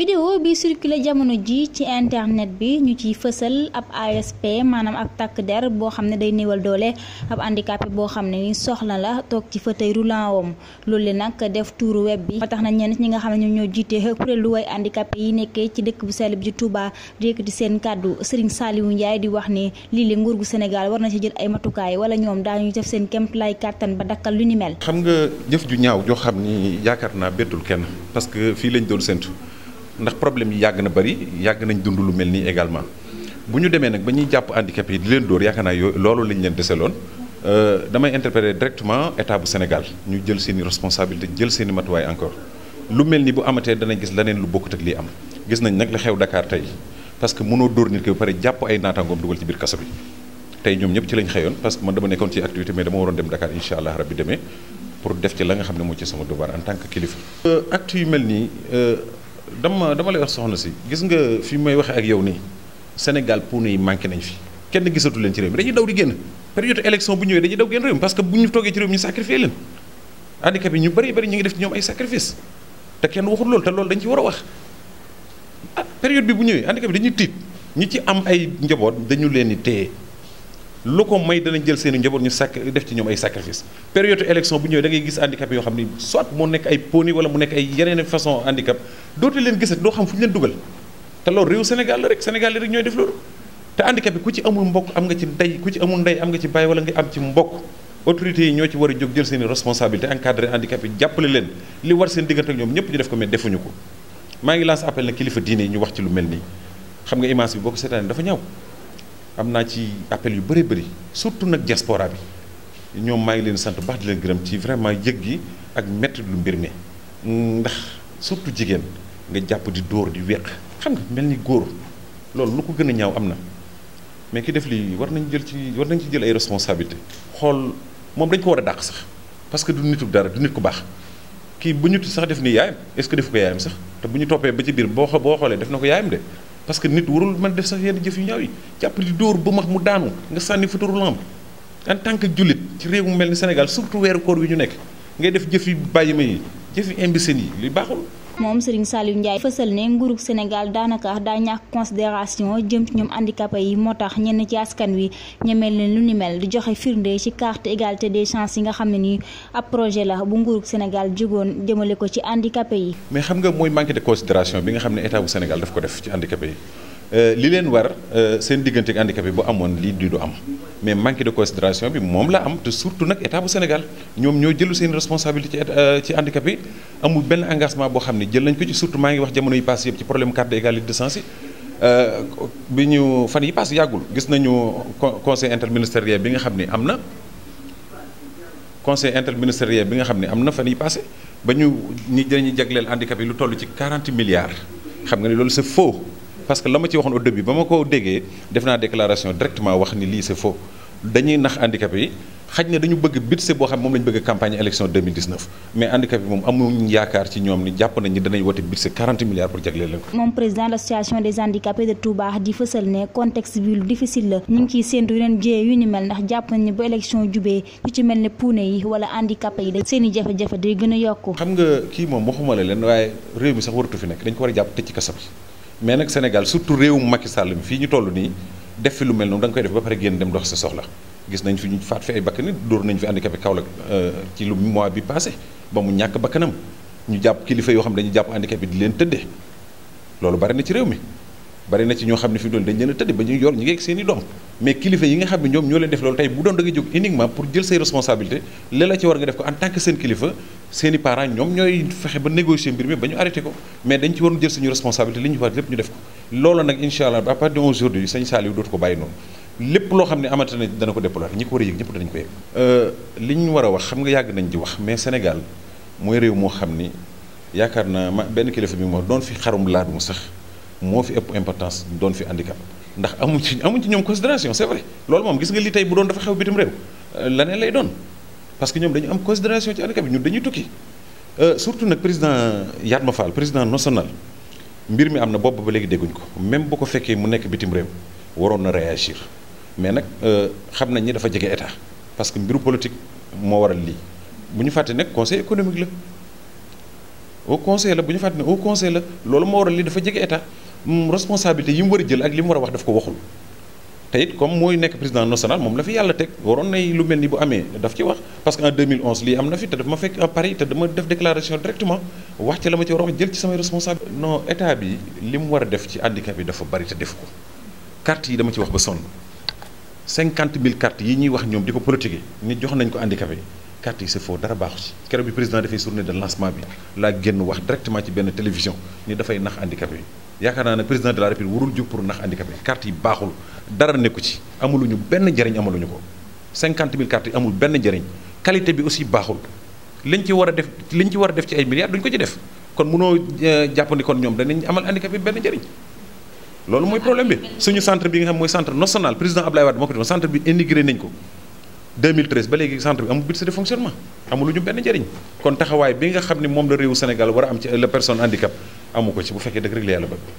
vidéo bi circulé jamono ji ci internet bi ñu ciy fësal ab ASP maanaam ab takk der boo xam ne day néewal doole ab handicapé boo xam ne ni soxla la toog ci fauteuil roulant wam loolu le nag def tuuru web bi ba tax na ñenn ñi nga xam ne ñoom ñoo jiitee kuréel lu way handicapé yi nekkee ci dëkk bu sell bi ci Touba di yëkkati seen kàddu Serigne wu Ndiaye di wax ni lii li nguur gu Sénégal war na ci jël ay matukaay wala ñoom daañu def seen kémt lay kàttan ba dakkal lu ni mel xam nga jëf ju ñaaw joo xam ni yaakaar naa bettul kenn parce que fii lañ doon séntu ndax problème yi yàgg na bëri yàgg nañ dund lu mel nii également bu ñu demee nag ba ñuy jàpp handicapé yi di leen dóor yaakaar naa yooyu loolu lañ leen deseloon euh, damay interpréter directement état bu Sénégal ñu jël seen i responsabilité jël seeni matuwaay encore lu mel ni bu amatee danañ gis leneen lu bokkut ak lii am gis nañ nag la xew Dakar tey parce que mënoo dóor nit ki ba pare jàpp ay naataangoom dugal ci biir kaso bi tey ñoom ñëpp ci lañ xëyoon parce que man dama nekkoon ci activité mais dama waroon dem Dakar nga xam ne moo ci sama devoir en tant que kilifa. Euh, dama dama lay wax soxna si gis nga fi may waxee ak yow nii Sénégal pour yi manqué nañ fi kenn gisatu leen ci réew mi dañuy daw di génn période élection bu ñëwee dañuy daw génn réew mi parce que bu ñu toogee ci réew mi ñu sacrifié leen handicap yi ñu bëri bëri ñu ngi def ci ñoom ay sacrifice te kenn waxul loolu te loolu dañ ci war a wax ah période bi bu ñëwee handicap yi dañuy tiit ñi ci am ay njaboot dañu leen di téye lu ko may danañ jël seen i ñu sac def ci ñoom ay sacrifice période élection bu ñëwee da ngay gis handicap yoo xam ni soit moo nekk ay poni wala mu nekk ay yeneen façon handicap dootu leen gisat doo xam fu ñu leen dugal te loolu réew Sénégal la rek ñooy def loolu te handicap bi ku ci amul mbokk am nga ci ndey ku ci amul ndey am nga ci bàyyi wala nga am ci mbokk autorités yi ñoo ci war a jóg jël seen i responsabilité encadré handicap yi jàppale leen li war seen diggante ak ñoom ñëpp ñu def ko mais defuñu ko maa ngi lance appel na kilifa diine yi ñu wax ci lu mel nii xam nga image bi boo ko dafa ñaaw am naa ci appel yu bari bari surtout nag diaspora bi ñoom maa ngi leen sant baax di leen gërëm ci vraiment yëg gi ak métti lu mbir mi ndax surtout jigéen nga jàpp di dóor di weq xam nga mel ni góor loolu lu ko gën a ñaaw am na mais ki def lii war nañ jël ci war nañ ci jël ay responsabilité xool moom dañ ko war a dàq sax parce que du nitub dara du nit ko baax kii bu ñu sax def ni yaayam est-ce que def ko yaayam sax te bu ñu toppee ba ci biir boo boo xoolee def na ko yaayam parce que nit warul man def sax yenn jëf yu ñaaw yi jàpp di dóor ba max mu daanu nga sànni futaru lamb en tant que jullit ci réew mu mel ni Sénégal surtout weeru koor yi ñu nekk ngay def jëf yi bàyyi ma yi jëf yi yi li baaxul moom Serigne Saliou Ndiaye fësal ne nguurug Sénégal daanaka daa ñàkk considération jëm ci ñoom handicapé yi moo tax ñenn ci askan wi ñemeel leen lu ni mel di joxe firnde ci carte égalité des chance yi nga xam ne nii ab la bu nguurug Sénégal jógoon jëmale ko ci handicapé yi. mais xam nga mooy manque de bi nga xam ne état bu Sénégal daf ko def ci handicapé yi euh, li leen war euh, seen diggante ak handicapé boo amoon lii du am. mais manque de considération bi moom la am te surtout nag état bu Sénégal ñoom ñoo jëlu seen responsabilité euh, ci handicap yi amul benn engagement boo xam ne jël nañ ko ci surtout maa ngi wax jamono yi paase yëpp ci problème carte d'égalité des chances yi euh, bi ñu fan yi paase yàggul gis nañu conseil interministériel bi nga xam ne am na conseil interministériel bi nga xam ne am na fan yi paase ba ñu ñi dañuy jagleel handicap yi lu toll ci 40 milliards xam nga ne loolu c'est faux parce que la ma ci waxoon au début ba ma ko déggee def naa déclaration directement wax ni lii c'est faux dañuy nax handicapés yi xaj na dañu bëgg budget boo xam moom lañu bëgg campagne élection 2019 mais handicapés yi moom amuñu yaakaar ci ñoom ni jàpp nañ ni danañ wote i nga kii moom waxuma la leen waaye réew mi sax waratu fi nekk dañ ko war a jàpp tëj ci kasa mais nag Sénégal surtout mu Macky Sall mi fii ñu toll nii def fi lu mel noonu da koy def ba pare génn dem dox sa soxla gis nañ fi ñu faat fi ay bakkan nit dóor nañ fi handicapé Kaolack euh, ci lu mois bi passé ba mu ñàkk bakkanam ñu jàpp kilifa yoo xam ne dañu jàpp handicapé di leen tëddee loolu bari na ci réew mi bari na ci ñoo xam ne fi doon i doom mais kilifa yi nga xam ne ñoom ñoo leen def loolu tey bu doon da nga jóg uniquement pour jël li en tant que seen kilifa seen i parents ñoom ñooy fexe ba négocier mbir ñu ko mais dañ ci war jël suñu ñu war lépp ñu def ko loolu nag incha allah à partir d'aujourd'hui sëñ Saliou loo xam ne amata na dana ko déployer ñi a yëg euh, li ñu war a wax xam nga yàgg nañ di wax mais Sénégal mooy réew moo xam ni yaakaar naa ma benn kilifa bi moo doon fi xarum laadum sax moo fi ëpp importance doon fi handicap ndax amuñ ci amuñ ci ñoom considération c'est vrai loolu moom gis nga li tey bu doon dafa xew bitim euh, lay doon parce que ñoom dañu am considération ci handicap bi ñun euh, nag président Yatma Fall président national mbir mi am na bopp ba léegi dégguñ ko même bu ko fekkee mu nekk bitim réew waroon na réagir mais nag euh, xam nañ ni dafa jege état parce que mbiru politique moo waral lii bu ñu fàtte nekk conseil économique la au conseil la bu ñu fàtte ne au conseil la loolu moo lii dafa jege état Mm, responsabilité yi mu war a jël ak li mu war a wax daf ko waxul te it comme mooy nekk président national moom la fi yàlla teg waroon nay lu mel ni bu amee daf ci wax parce que en 2011 lii am na fi te daf ma fekk à Paris te dama def déclaration directement wax ci la ma a wax jël ci li mu war a def ci handicap yi dafa bari te def ko carte yi dama ci wax ba sonn 50 000 cartes yi ñuy wax ñoom di ko politiquer ni jox nañ ko handicapé carte yi c'est faux dara baaxu ci keroog bi président dafay journée de lancement bi laa génn wax directement ci benn télévision ni dafay nax handicapé yi yaakaar naa ne président de la république warul jóg pour nax handicapé carte yi baaxul dara nekku ci amuluñu benn njëriñ amaluñu ko 50 000 cartes yi benn njëriñ qualité bi aussi baaxul liñ ci war a def liñ ci war a ci ay milliards duñ ko ci def kon mënoo euh, jàpp ni ñoom danañ amal handicapé benn njëriñ loolu mooy problème bi suñu centre bi nga xam mooy centre national président Abdoulaye Wade moo ko defoon centre bi indigré nañ ko 2013 ba léegi centre amul benn njëriñ kon taxawaay bi nga xam ne moom la réewu Sénégal war a am ci la personne handicap amu ko ci bu fekkee dëgg rek la yàlla